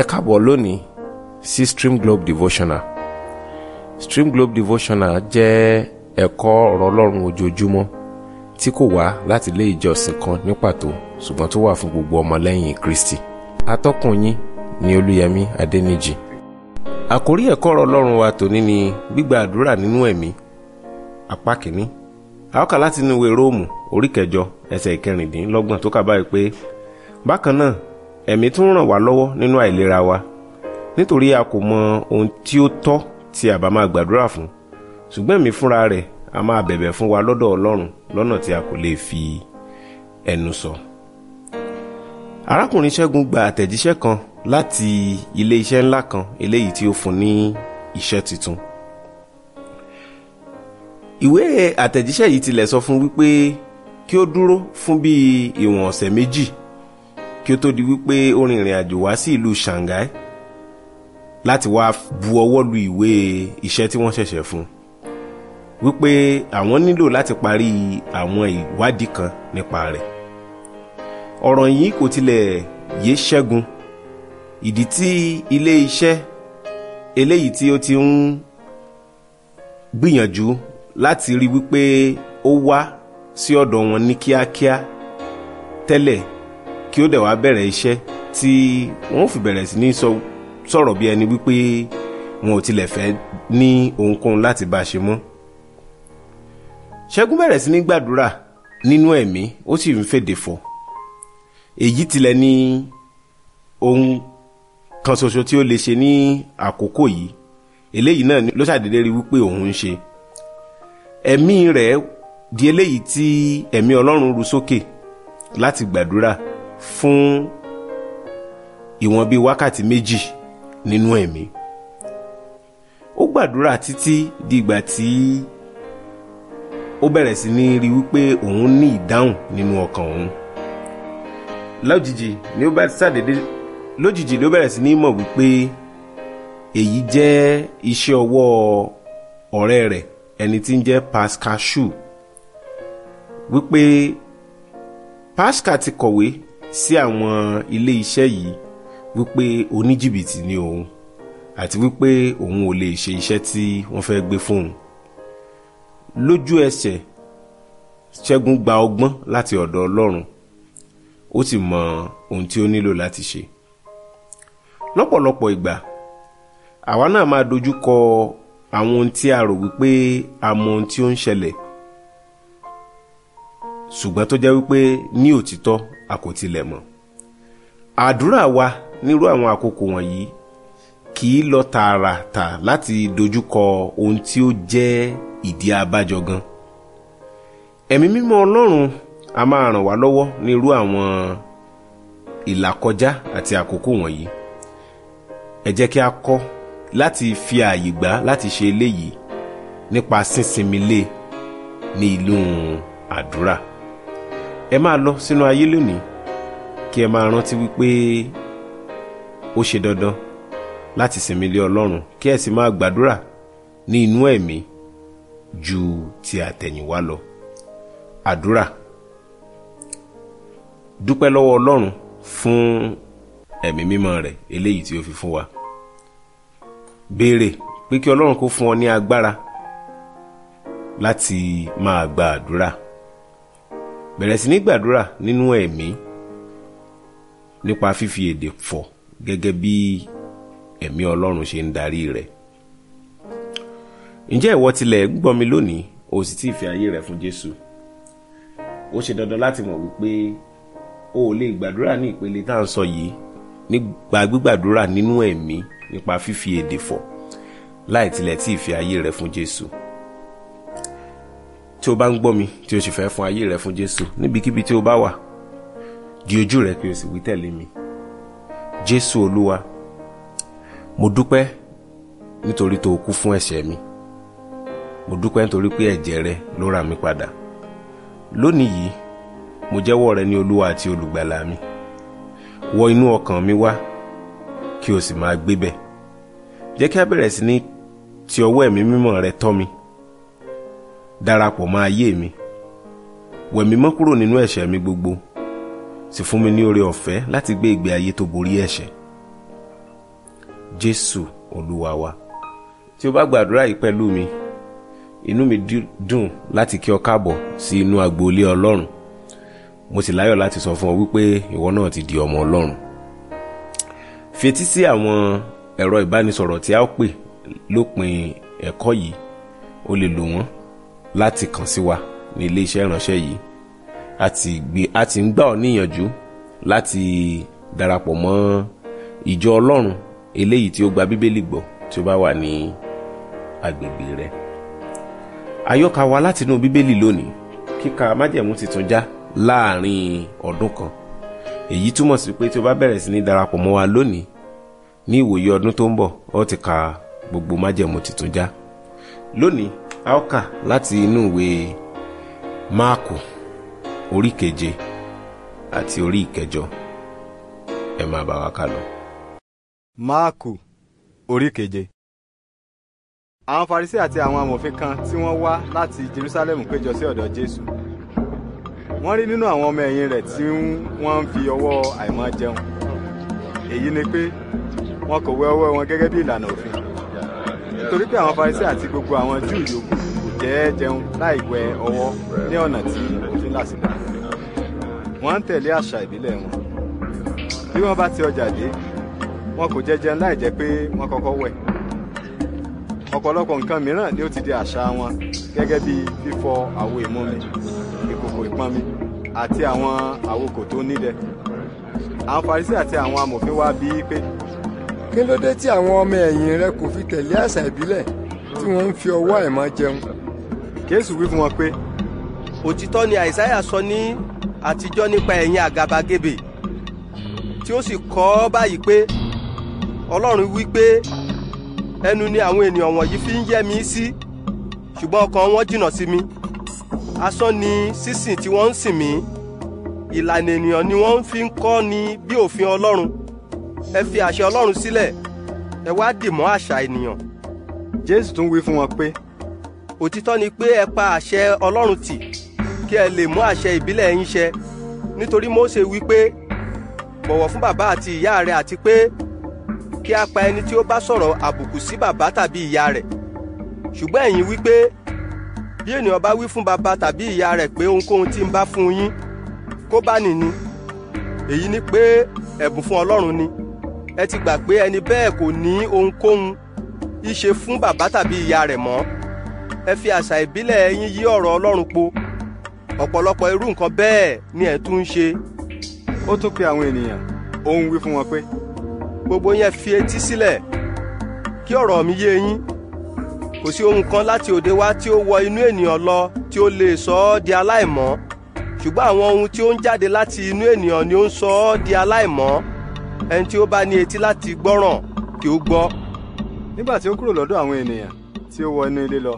ẹ káàbọ̀ lónìí sí stream globe devotional stream globe devotional jẹ́ ẹ̀kọ́ ọ̀rọ̀ ọlọ́run ojoojúmọ́ tí kò wá láti ilé ìjọsìn kan ní pàtó ṣùgbọ́n tó wà fún gbogbo ọmọlẹ́yìn kristi atọ́kùn yín ni olúyẹmí adẹ́nìjì àkórí ẹ̀kọ́ ọ̀rọ̀ ọlọ́run wa tòní ni gbígba àdúrà nínú ẹ̀mí apá kìíní a ó kà láti inú ìwé róòmù orí kẹjọ ẹsẹ̀ ìkẹrìndínlọ́gbọ̀n tó kà báyìí pé bákan náà ẹ̀mí tún ràn wá lọ́wọ́ nínú àìlera wa nítorí a kò mọ ohun tí ó tọ́ tí a bá máa gbàdúrà fún ṣùgbọ́n ẹ̀mí fúnra rẹ̀ a máa bẹ̀bẹ̀ fún wa lọ́dọ̀ ọlọ́run lọ́nà tí a kò lè fi ẹnu sọ. arákùnrin ṣẹ́gun gba àtẹ̀jíṣẹ́ kan láti ilé iṣẹ́ ńlá kan eléyìí tí ó fún ní iṣẹ́ tuntun. ìwé àtẹ̀jíṣẹ́ yìí tilẹ̀ sọ fún wípé kí ó dúró fún bíi ìwọ̀n ọ̀sẹ̀ méjì kí ó tó di wípé ó rin ìrìn àjò wá sí ìlú Shanghai láti wá bu ọwọ́ lu ìwé iṣẹ́ tí wọ́n ṣẹ̀ṣẹ̀ fún wípé àwọn nílò láti parí àwọn ìwádìí kan nípa rẹ̀ ọ̀rọ̀ yìí kò tilẹ̀ yé Ṣẹ́gun ìdí tí ilé iṣẹ́ eléyìí tí ó ti ń gbìyànjú láti rí wípé ó wá sí ọ̀dọ̀ wọn ní kíákíá tẹ́lẹ̀ kí ó dẹ̀ wá bẹ̀rẹ̀ iṣẹ́ tí wọ́n fi bẹ̀rẹ̀ sí ní sọ̀rọ̀ bí ẹni wípé wọn ò tilẹ̀ fẹ́ ní ohunkóhun láti bá a ṣe mọ́. ṣẹ́gun bẹ̀rẹ̀ sí ní gbàdúrà nínú ẹ̀mí ó sì ń fèdè fọ̀ èyí tilẹ̀ ní ohun kan ṣoṣo tí ó lè ṣe ní àkókò yìí eléyìí náà ló ṣàdédé rí wípé òun ń ṣe ẹ̀mí rẹ̀ di eléyìí tí ẹ̀mí ọlọ́run ru sókè láti gbàdúrà. So fún ìwọ̀n bíi wákàtí méjì nínú ẹ̀mí ó gbàdúrà títí dìgbà tí ó bẹ̀rẹ̀ sí ní rí wípé òun ní ìdáhùn nínú ọkàn òun lójijì ni ó bá ṣàdédé lójijì ló bẹ̀rẹ̀ sí ní mọ̀ wípé èyí jẹ́ iṣẹ́ ọwọ́ ọ̀rẹ́ rẹ̀ ẹni tí ń jẹ́ Pascal Shu wípé Pascal ti kọ̀wé sí àwọn ilé iṣẹ́ yìí wípé oníjìbìtì ni òun àti wípé òun ò lè ṣe iṣẹ́ tí wọ́n fẹ́ gbé fóun lójú ẹsẹ̀ ṣẹ́gun gba ọgbọ́n láti ọ̀dọ̀ ọlọ́run ó sì mọ ohun tí ó nílò láti ṣe lọ́pọ̀lọpọ̀ ìgbà àwa náà máa dojú kọ àwọn ohun tí a rò wípé a mọ ohun tí ó ń ṣẹlẹ̀ ṣùgbọ́n tó jẹ́ wípé ní òtítọ́ a kò tilẹ̀ mọ̀ àdúrà wa nírú àwọn àkókò wọ̀nyí kì í lọ tààràtà láti dojúkọ ohun tí ó jẹ́ ìdí abájọ gan ẹ̀mí mímọ́ ọlọ́run a máa ràn wá lọ́wọ́ nírú àwọn ìlàkọjá àti àkókò wọ̀nyí ẹ jẹ́ kí a kọ́ láti fi ààyè gbà láti ṣe eléyìí nípa sísinmi lé ní ìlú àdúrà ẹ máa lọ sínú ayé lónìí kí ẹ máa rántí wípé ó ṣe dandan láti sinmi lé ọlọ́run kí ẹ sì máa gbàdúrà ní inú ẹ̀mí ju ti àtẹ̀yìnwá lọ àdúrà dúpẹ́ lọ́wọ́ ọlọ́run fún ẹ̀mí mímọ́ rẹ̀ eléyìí tí ó fi fún wa béèrè pé kí ọlọ́run kó fún ọ ní agbára láti máa gba àdúrà bẹ̀rẹ̀ sí ní gbàdúrà nínú ẹ̀mí nípa fífi èdè fọ̀ gẹ́gẹ́ bí ẹ̀mí ọlọ́run ṣe ń darí rẹ̀ ǹjẹ́ ìwọ tilẹ̀ gbọ́ mi lónìí o sì ti fi ayé rẹ fún jésù ó ṣe dandan láti mọ̀ wípé o ò lè gbàdúrà ní ìpele tá à ń sọ yìí nípa gbígbàdúrà nínú ẹ̀mí nípa fífi èdè fọ̀ láì tilẹ̀ tí ì fi ayé rẹ fún jésù tí o bá ń gbọ́ mi tí o sì fẹ́ fún ayé rẹ fún Jésù níbikíbi tí o bá wà di ojú rẹ kí o sì wí tẹ̀lé mi Jésù Olúwa mo dúpẹ́ nítorí tó o kú fún ẹ̀ṣẹ̀ mi mo dúpẹ́ nítorí pé ẹ̀jẹ̀ rẹ ló rà mí padà lónìí yìí mo jẹ́wọ́ rẹ ní Olúwa àti olùgbàlà mi wọ inú ọkàn mi wá kí o sì máa gbébẹ̀ jẹ́ kí a bẹ̀rẹ̀ sí ní ti ọwọ́ ẹ̀mí mímọ́ rẹ Tọ́ mi darapọ̀ mọ́ ayé mi wẹ̀ mí mọ́ kúrò nínú ẹ̀ṣẹ̀ mi gbogbo sì fún mi ní oore ọ̀fẹ́ láti gbé ìgbé ayé tó borí ẹ̀ṣẹ̀ jésù olúwa wa tí o bá gbàdúrà yìí pẹ̀lú mi inú mi dùn láti kí ọ káàbọ̀ sí inú agboolé ọlọ́run mo sì láyọ̀ láti sọ fún ọ wípé ìwọ náà ti di ọmọ ọlọ́run fetí sí àwọn ẹ̀rọ ìbánisọ̀rọ̀ tí a ó pè lópin ẹ̀kọ́ yìí o lè lò wọ́n láti kàn sí wa ní ilé iṣẹ́ ìránṣẹ́ yìí a ti ń gbà ọ́ níyànjú láti darapọ̀ mọ́ ìjọ ọlọ́run eléyìí tí ó gba bíbélì gbọ́ tí ó bá wà ní agbègbè rẹ àyọkà wa látinú bíbélì lónìí kíka májẹ̀mú titun já láàrin ọdún kan èyí túmọ̀ sí pé tí o bá bẹ̀rẹ̀ sí ní darapọ̀ mọ́ wa lónìí ní ìwòye ọdún tó ń bọ̀ ó ti ka gbogbo májẹ̀mú titun já lónìí Aoka, ó kà láti inú ìwé máàkù orí keje àti orí ìkẹjọ ẹ máa bá wa kà lọ. máàkù orí keje àwọn farisí àti àwọn amòfin kan tí wọ́n wá láti jerusalem péjọ sí ọ̀dọ̀ jésù wọ́n rí nínú àwọn ọmọ ẹ̀yìn rẹ̀ tí wọ́n ń fi ọwọ́ àìmọ́ jẹun èyí ni pé wọn kò wẹ ọwọ́ wọn gẹ́gẹ́ bí ìlànà òfin nítorí pé àwọn Farisí àti gbogbo àwọn Júù yòókù kò jẹ́ jẹun láì wẹ ọwọ́ ní ọ̀nà tí òfin làsìkò wọ́n ń tẹ̀lé àṣà ìbílẹ̀ wọn bí wọ́n bá ti ọjà dé wọn kò jẹ jẹun láì jẹ́ pé wọ́n kọ́kọ́ wẹ̀ ọ̀pọ̀lọpọ̀ nǹkan mìíràn ni ó ti di àṣà wọn gẹ́gẹ́ bí fífọ àwo ìmumi ìkòkò ìpọnmi àti àwọn àwokò tó nídẹ àwọn Farisí àti àwọn amòfin wá bí pé kí ló dé tí àwọn ọmọ ẹ̀yìn rẹ kò fi tẹ̀lé àṣà ìbílẹ̀ tí wọ́n ń fi ọwọ́ àìmọ́ jẹun. Jésù wí fún wọn pé òtítọ́ ni Àìsáyà sọ ní àtijọ́ nípa ẹ̀yin àgàbàgebè tí ó sì kọ ọ́ báyìí pé Ọlọ́run wí pé ẹnu ni àwọn ènìyàn wọ̀nyí fi ń yẹ́ mi sí ṣùgbọ́n ọkàn wọn jìnnà sí mi asán ni sísìn tí wọ́n ń sìn mí ìlànà ènìyàn ni wọ́n fi ń kọ́ ni bí òfin Ọlọ́run ẹ fi àṣẹ Ọlọ́run sílẹ̀ ẹ wá dì mọ́ àṣà ènìyàn. Jésù tún wí fún wọn pé. òtítọ́ ni pé ẹ pa àṣẹ Ọlọ́run tì kí ẹ lè mú àṣẹ ìbílẹ̀ yín ṣẹ nítorí Mósè wí pé bọ̀wọ̀ fún bàbá àti ìyá rẹ àti pé kí a pa ẹni tí ó bá sọ̀rọ̀ àbùkù sí bàbá tàbí ìyá rẹ̀ ṣùgbọ́n ẹ̀yin wí pé bí ènìyàn bá wí fún bàbá tàbí ìyá rẹ̀ pé ohunkóhun tí ń bá fún yín kó bá nìní èyí ni pé ẹ̀bùn fún Ọlọ́run ni ẹ ti gbà pé ẹni bẹ́ẹ̀ kò ní ohunkóhun í ṣe fún bàbá tàbí ìyá rẹ̀ mọ́ ẹ fi àṣà ìbílẹ̀ yín yí ọ̀rọ̀ Ọlọ́run po ọ̀pọ̀lọpọ̀ irú nǹkan bẹ́ẹ̀ ni ẹ̀ tún ń ṣe. ó tún pe àwọn ènìyàn ó wí fún wọn pé. gbogbo yẹn fi etí sílẹ̀ kí ọ̀rọ̀ mi yé yín kò sí ohun kan láti òde wá tí ó wọ inú ènìyàn lọ tí ó lè sọ ọ́ di aláìmọ́ ṣùgbọ́n àwọn ohun tí ó ń jáde láti inú ènìyàn ni ó ń sọ ọ́ di aláìmọ́ ẹni tí ó bá ní etí láti gbọ́ràn kí ó gbọ́. nígbà tí ó kúrò lọ́dọ̀ àwọn ènìyàn tí ó wọ inú ilé lọ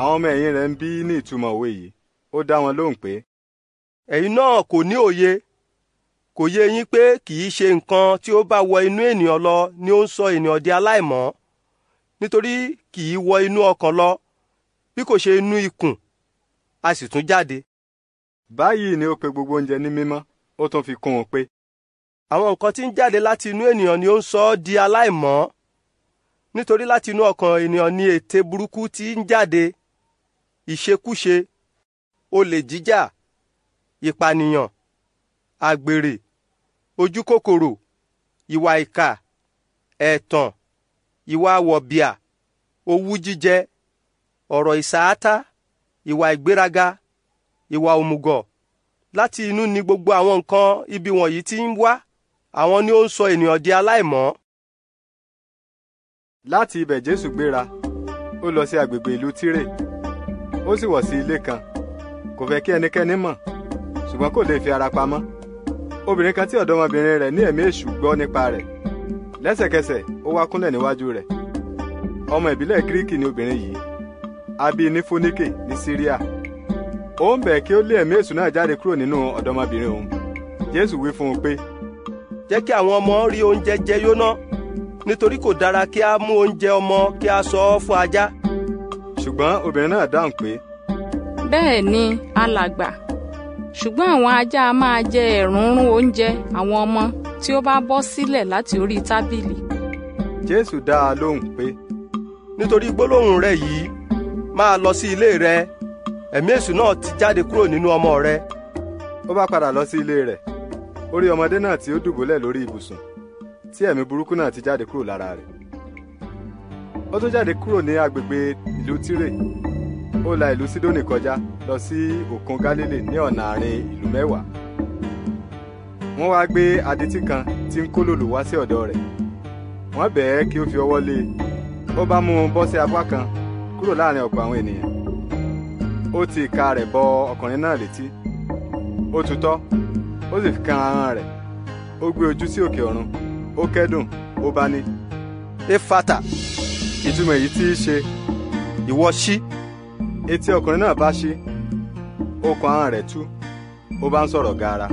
àwọn ọmọ ẹ̀yìn rẹ̀ ń bí ní ìtumọ̀ òwe yìí ó dá wọn lóhùn pé. ẹ̀yin náà kò ní òye kò yé yín pé kì í ṣe nǹkan tí ó bá wọ inú ènìyàn lọ ni ó ń sọ ènìyàn di aláìmọ́ nítorí kì í wọ inú ọkàn lọ bí kò ṣe inú ikùn a sì tún jáde. báyìí ni ó pe gbogbo oúnjẹ ní mímọ́ ó tún fi kún un pé àwọn nǹkan tí ń jáde láti inú ènìyàn ni ó ń sọ ọ́ di aláìmọ́ nítorí láti inú ọkàn ènìyàn ni ète burúkú tí ń jáde ìṣekúṣe olè jíjà ìpànìyàn àgbèrè ojúkòkòrò ìwà ìkà ẹ̀tàn ìwà wọ̀bìà owú jíjẹ ọ̀rọ̀ ìsáátá ìwà ìgbéraga ìwà òmùgọ̀ láti inú ni gbogbo àwọn nǹkan ibi wọ̀nyí ti ń wá àwọn ni ó ń sọ ènìyàn di aláìmọ́. láti ibẹ̀ jésù gbéra ó lọ sí agbègbè ìlú tírè ó sì wọ̀ sí ilé kan kò fẹ́ kí ẹnikẹ́ni mọ̀ ṣùgbọ́n kò lè fi ara pamọ́ obìnrin kan tí ọ̀dọ́mọbìnrin rẹ̀ ní ẹ̀mí èṣù gbọ́ nípa rẹ̀ lẹ́sẹ̀kẹsẹ̀ ó wá kúnlẹ̀ níwájú rẹ̀ ọmọ ìbílẹ̀ gíríkì ni obìnrin yìí a bí ní fúníkè ní síríà ó ń bẹ̀ kí ó lé ẹ̀mí èṣù náà jáde kúrò nínú ọ̀dọ́mọbìnrin òun jésù wí fún un pé jẹ́ kí àwọn ọmọ rí oúnjẹ jẹ yóná nítorí kò dára kí a mú oúnjẹ ọmọ kí a sọ ọ́ fún ajá. ṣùgbọ́n obìnrin náà dáhùn pé. bẹ́ẹ̀ ni alàgbà ṣùgbọ́n àwọn ajá a máa jẹ ẹ̀rúnrún oúnjẹ àwọn ọmọ tí ó bá bọ́ sílẹ̀ láti orí tábìlì. jésù dá a lóhùn pé. nítorí gbólóhùn rẹ yìí máa lọ sí ilé rẹ ẹ̀mí èṣù náà ti jáde kúrò nínú ọmọ rẹ. ó bá padà lọ sí ilé rẹ̀ ó rí ọmọdé náà tí ó dùbúlẹ̀ lórí ibùsùn tí ẹ̀mí burúkú náà ti jáde kúrò lára rẹ̀ ó tún jáde kúrò ní agbègbè ìlú tírè ó la ìlú sídónì kọjá lọ sí òkun galilei ní ọ̀nà àárín ìlú mẹ́wàá wọ́n wá gbé adití kan tí ń kó lòlù wá sí ọ̀dọ̀ rẹ̀ wọ́n bẹ̀ẹ́ kí ó fi ọwọ́ lé e ó bá mú un bọ́ sí apá kan kúrò láàrin ọ̀pọ̀ àwọn ènìyàn ó ti ìka rẹ̀ bọ ọkùnrin náà létí ó tutọ́ ó sì fi kan ahọ́n rẹ̀ ó gbé ojú sí òkè ọ̀run ó kẹ́dùn ó bá ní. éfàtà ìtumọ̀ èyí tí í ṣe ìwọ ṣí etí ọkùnrin náà bá ṣí okùn ahọ́n rẹ̀ tú ó bá ń sọ̀rọ̀ gaara.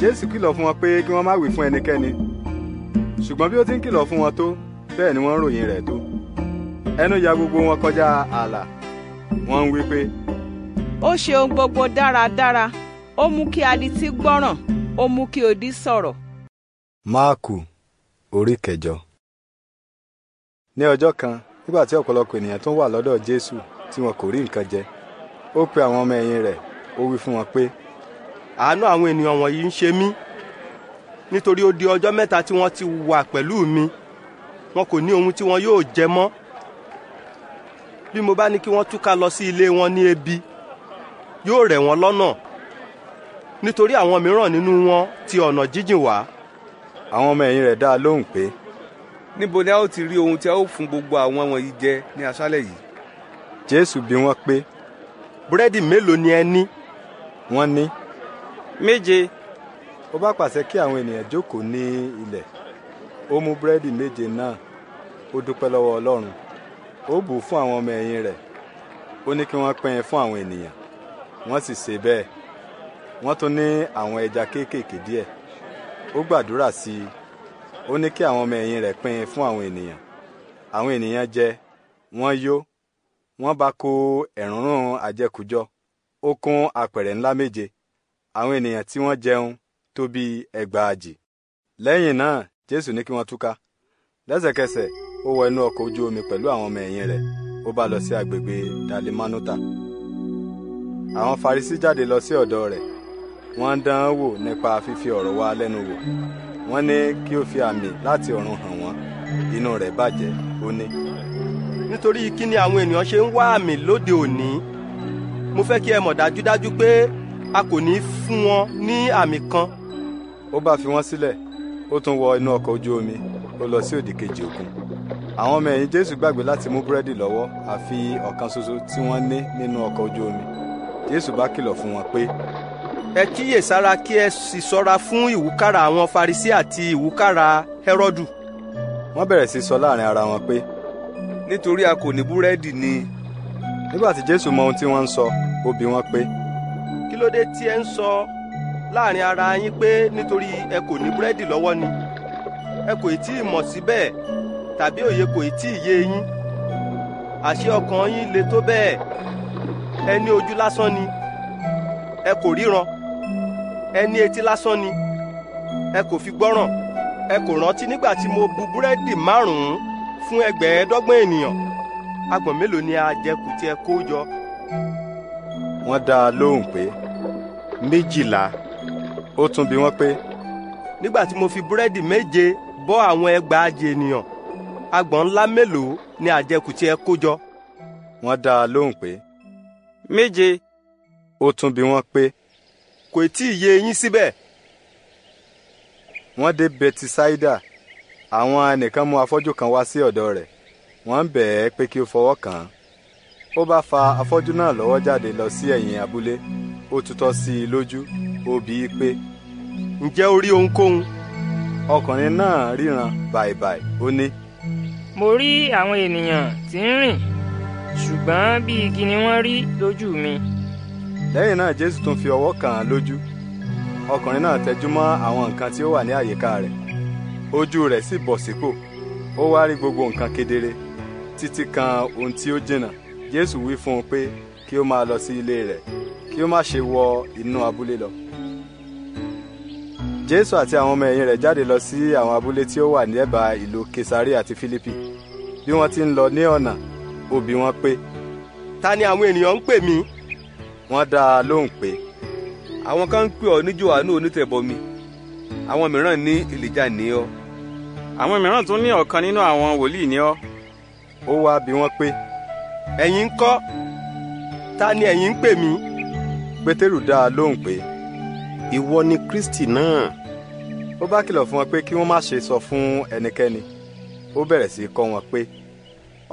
jésù kìlọ̀ fún wọn pé kí wọ́n má wí fún ẹnikẹ́ni ṣùgbọ́n bí ó ti ń kìlọ̀ fún wọn tó bẹ́ẹ̀ ni wọ́n ròyìn rẹ̀ tó ẹnu ya gbogbo wọn kọjá ààlà wọ́n ń wí pé. ó ṣe ohun gbogbo dáradára. Dára ó mú kí adití gbọ́ràn ó mú kí odi sọ̀rọ̀. máàkù orí kẹjọ. ní ọjọ́ kan nígbà tí ọ̀pọ̀lọpọ̀ ènìyàn tó wà lọ́dọ̀ jésù tí wọn kò rí nǹkan jẹ ó pe àwọn ọmọ ẹ̀yìn rẹ̀ ó wí fún wọn pé. àánú àwọn ènìyàn wọ̀nyí ń ṣe mí nítorí ó di ọjọ́ mẹ́ta tí wọ́n ti wà pẹ̀lú mi wọn kò ní ohun tí wọn yóò jẹ mọ́ bí mo bá ní kí wọ́n túká lọ sí ilé wọn ní ebi yóò rẹ̀ wọ́n lọ́nà nítorí àwọn mìíràn nínú wọn ti ọ̀nà jíjìn wá. àwọn ọmọ ẹ̀yìn rẹ̀ dá a lóhùn pé. níbo ni a ó ti rí ohun tí a ó fún gbogbo àwọn wọ̀nyí jẹ ní aṣálẹ̀ yìí. jésù bi wọ́n pé. búrẹ́dì mélòó ni ẹ ní. wọ́n ní. méje. ó bá pàṣẹ kí àwọn ènìyàn jókòó ní ilẹ̀ ó mú búrẹ́dì méje náà ó dúpẹ́ lọ́wọ́ ọlọ́run ó bù fún àwọn ọmọ ẹ̀yìn rẹ̀ ó ní kí wọ́n pín fún àwọn ènìyàn wọ́n sì ṣe bẹ́ẹ̀ wọ́n tún ní àwọn ẹja kéékèèké díẹ̀ ó gbàdúrà sí i ó ní kí àwọn ọmọ ẹ̀yìn rẹ̀ pín in fún àwọn ènìyàn àwọn ènìyàn jẹ wọ́n yó wọ́n bá kó ẹ̀rúnrún àjẹkùjọ ó kún apẹ̀rẹ̀ ńlá méje àwọn ènìyàn tí wọ́n jẹun tó bí ẹgbàajì lẹ́yìn náà jésù ní kí wọ́n túká lẹ́sẹ̀kẹsẹ̀ ó wọ inú ọkọ̀ ojú omi pẹ̀lú àwọn ọmọ ẹ̀yìn rẹ̀ ó bá lọ sí agbègbè dalimanuta àwọn farisi jáde lọ sí ọ̀dọ̀ rẹ̀ wọ́n dán án wò nípa fífi ọ̀rọ̀ wa lẹ́nu wò wọ́n ní kí ó fi àmì láti ọ̀run hàn wọ́n inú rẹ̀ bàjẹ́ ó ní. nítorí kí ni àwọn ènìyàn ṣe ń wá àmì lóde òní mo fẹ́ kí ẹ mọ̀ dájúdájú pé a kò ní fún wọn ní àmì kan. ó bá fi wọ́n sílẹ̀ ó tún wọ inú ọkọ̀ ojú omi ó lọ sí òdì kejì òkun àwọn ọmọ ẹ̀yìn jésù gbàgbé láti mú búrẹ́dì lọ́wọ́ àfi ọ̀kan ṣoṣo tí wọ́n ní nínú ọkọ̀ ojú omi jésù bá kìlọ̀ fún wọn pé ẹ kíyèsára kí ẹ sì ṣọ́ra fún ìwúkàrà àwọn Farisí àti ìwúkàrà Hẹ́rọ́dù. wọ́n bẹ̀rẹ̀ sí sọ láàrin ara wọn pé nítorí a kò ní búrẹ́dì ni. nígbà tí Jésù mọ ohun tí wọ́n ń sọ ó bi wọ́n pé. kí ló dé tí ẹ ń sọ láàrin ara yín pé nítorí ẹ kò ní búrẹ́dì lọ́wọ́ ni ẹ kò tí ì mọ̀ sí tàbí òye kò tí ì yé yín àṣé ọkàn yín le tó bẹ́ẹ̀ ẹ ní ojú lásán ni ẹ kò ríran ẹ etí lásán ni ẹ kò fi gbọ́ràn ẹ kò rántí nígbà tí mo bu búrẹ́dì márùn-ún fún ẹgbẹ̀ẹ́dọ́gbọ̀n ènìyàn agbọ̀n mélòó ni a jẹ kù tí ẹ kó jọ. wọ́n dá a lóhùn pé méjìlá ó tún bi wọ́n pé. nígbà tí mo fi búrẹ́dì méje bọ́ àwọn ẹgbàáje ènìyàn agbọ̀n ńlá mélòó ni àjẹkù tí ẹ kó jọ. wọ́n dá a lóhùn pé. méje ó tún bi wọ́n pé kò tí ì yé yín síbẹ̀. wọ́n dé betisaida àwọn ẹnìkan mú afọ́jú kan wá sí ọ̀dọ̀ rẹ̀ wọ́n ń bẹ̀ ẹ́ pé kí ó fọwọ́ kàn án. ó bá fa afọ́jú náà lọ́wọ́ jáde lọ sí ẹ̀yìn abúlé ó tutọ́ sí i lójú ó bi í pé ǹjẹ́ o rí ohunkóhun ọkùnrin náà ríran bàìbàì ó ní. mo rí àwọn ènìyàn tí ń rìn ṣùgbọ́n bí igi ni wọ́n rí lójú mi lẹ́yìn náà jésù tún fi ọwọ́ kàn án lójú ọkùnrin náà tẹjú mọ́ àwọn nǹkan tí ó wà ní àyíká rẹ̀ ojú rẹ̀ sì bọ̀ sípò ó wá rí gbogbo nǹkan kedere títí kan ohun tí ó jìnnà jésù wí fún un pé kí ó máa lọ sí ilé rẹ̀ kí ó má ṣe wọ inú abúlé lọ jésù àti àwọn ọmọ ẹ̀yìn rẹ̀ jáde lọ sí àwọn abúlé tí ó wà ní ẹ̀bá ìlú kesari àti filipi bí wọ́n ti ń lọ ní ọ̀nà ó bi wọ́n pé. ta ni àwọn ènìyàn ń pè mí wọ́n dá a lóhùn pé àwọn kan ń pè ọ́ ní Jòhánù onítẹ̀bọmi àwọn mìíràn ní Èlíjà ni ọ́ àwọn mìíràn tún ní ọ̀kan nínú àwọn wòlíì ni ọ́. ó wá bi wọ́n pé ẹ̀yin ń kọ́ ta ni ẹ̀yin ń pè mí. pétérù dá a lóhùn pé ìwọ ni Kristi náà ó bá kìlọ̀ fún wọn pé kí wọ́n má ṣe sọ fún ẹnikẹ́ni ó bẹ̀rẹ̀ sí í kọ́ wọn pé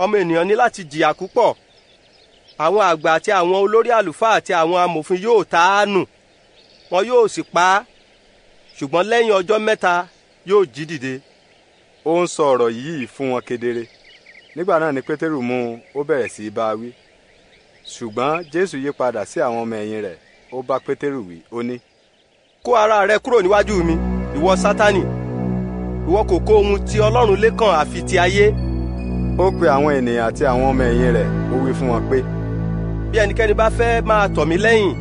ọmọ ènìyàn ní láti jìyà púpọ̀ àwọn àgbà àti àwọn olórí àlùfáà àti àwọn amòfin yóò ta á nù wọn yóò sì pa á ṣùgbọ́n lẹ́yìn ọjọ́ mẹ́ta yóò jí dìde. ó ń sọ ọ̀rọ̀ yìí fún wọn kedere nígbà náà ni pétérù mú un ó bẹ̀rẹ̀ sí í bá a wí ṣùgbọ́n jésù yí padà sí àwọn ọmọ ẹ̀yìn rẹ̀ ó bá pétérù wí ó ní. kó ara rẹ kúrò níwájú mi ìwọ sátánì ìwọ kò kó ohun tí ọlọ́run lékàn àfi ti ayé. ó pe àwọn ènìyàn àti àwọn ọmọ ẹ̀yìn rẹ̀ ó wí fún wọn pé bí ẹnikẹ́ni bá fẹ́ máa tọ̀ mí lẹ́yìn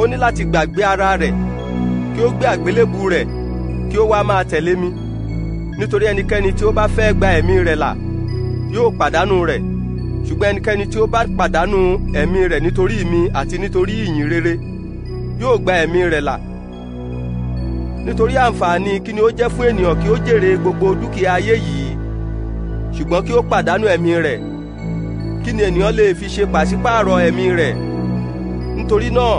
ó ní láti gbàgbé ara rẹ̀ kí ó gbé àgbélébù rẹ̀ kí ó wá máa tẹ̀lé mi nítorí ẹnikẹ́ni tí ó bá fẹ́ gba ẹ̀mí rẹ̀ là yóò pàdánù rẹ̀ ṣùgbọ́n ẹnikẹ́ni tí ó bá pàdánù ẹ̀mí rẹ̀ nítorí mi àti nítorí ìyìn rere yóò gba ẹ̀mí rẹ̀ là nítorí àǹfààní kí ni ó jẹ́ fún ènìyàn kí ó jèrè gbogbo dúkìá ayé yìí ṣùgbọ́n kí ó pàdánù ẹ̀mí rẹ̀ kí ni ènìyàn lè fi ṣe pàṣípààrọ̀ ẹ̀mí rẹ̀ nítorí náà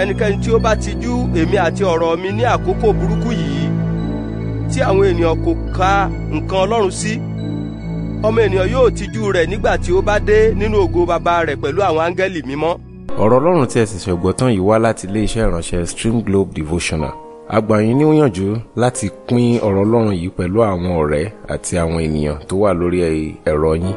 ẹnikẹ́ni tí ó bá tijú èmi àti ọ̀rọ̀ mi ní àkókò burúkú yìí tí àwọn ènìyàn kò ka nǹkan Ọlọ́run sí ọmọ ènìyàn yóò tijú rẹ̀ nígbà tí ó bá dé nínú ògo bàbá rẹ̀ pẹ̀lú àwọn áńgẹ́lì mímọ́. ọ̀rọ̀ Ọlọ́run tí ẹ ṣẹ̀ṣẹ̀ gbọ́ tán yìí wá láti iléeṣẹ́ ìránṣẹ́ Stream Globe Devotional a gbà yín níyànjú láti pín ọ̀rọ̀ Ọlọ́run yìí pẹ̀lú àwọn ọ̀rẹ́ àti àwọn ènìyàn tó wà lórí ẹ̀rọ yín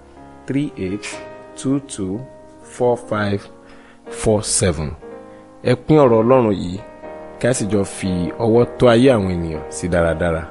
three eight two two four five four seven ẹ pín ọ̀rọ̀ ọlọ́run yìí kí a sì jọ fi ọwọ́ tó ayé àwọn ènìyàn sí dáradára.